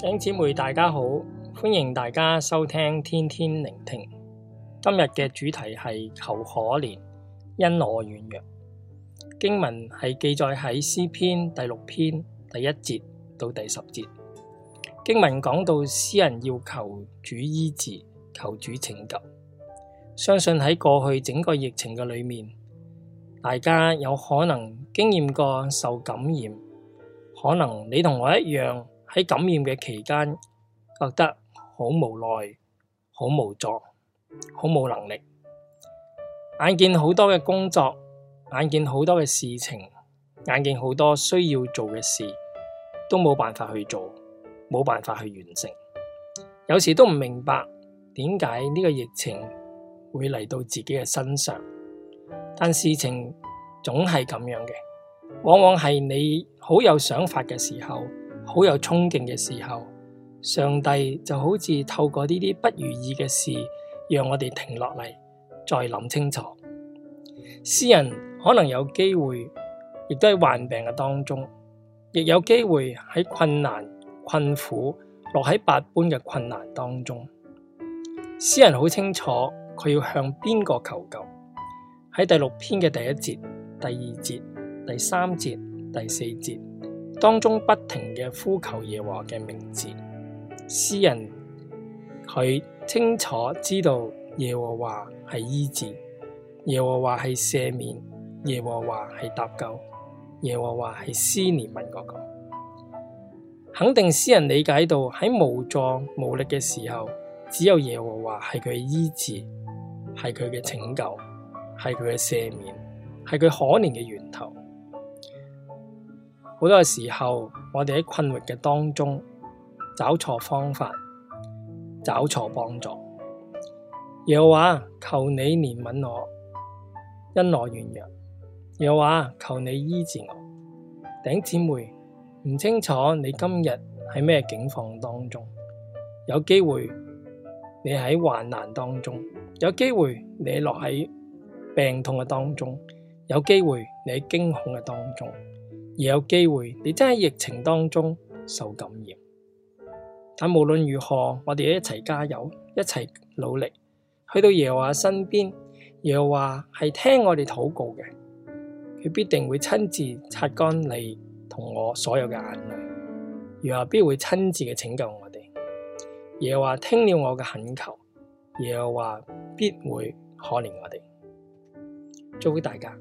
弟兄姊妹大家好，歡迎大家收聽天天靈聽。今日嘅主題係求可憐，因我軟弱。經文係記載喺詩篇第六篇第一節到第十節。經文講到詩人要求主醫治，求主拯救。相信喺過去整個疫情嘅裏面，大家有可能經驗過受感染，可能你同我一樣。喺感染嘅期間，覺得好無奈、好無助、好冇能力。眼見好多嘅工作，眼見好多嘅事情，眼見好多需要做嘅事，都冇辦法去做，冇辦法去完成。有時都唔明白點解呢個疫情會嚟到自己嘅身上，但事情總係咁樣嘅。往往係你好有想法嘅時候，好有衝勁嘅時候，上帝就好似透過呢啲不如意嘅事，讓我哋停落嚟，再諗清楚。詩人可能有機會，亦都喺患病嘅當中，亦有機會喺困難、困苦、落喺百般嘅困難當中。詩人好清楚佢要向邊個求救。喺第六篇嘅第一節、第二節、第三節、第四節。當中不停嘅呼求耶和華嘅名字，詩人佢清楚知道耶和華係醫治，耶和華係赦免，耶和華係搭救，耶和華係施憐憫嗰個，肯定詩人理解到喺無助無力嘅時候，只有耶和華係佢嘅醫治，係佢嘅拯救，係佢嘅赦免，係佢可憐嘅源頭。好多時候，我哋喺困惑嘅當中找錯方法，找錯幫助。耶和華啊，求你憐憫我，因我軟弱；耶和華啊，求你醫治我。頂姊妹，唔清楚，你今日喺咩境況當中？有機會你喺患難當中，有機會你在落喺病痛嘅當中，有機會你喺驚恐嘅當中。亦有機會，你真喺疫情當中受感染。但無論如何，我哋一齊加油，一齊努力，去到耶和華身邊。耶和華係聽我哋禱告嘅，佢必定會親自擦乾你同我所有嘅眼淚。耶和華必會親自嘅拯救我哋。耶和華聽了我嘅懇求，耶和華必會可憐我哋。祝福大家。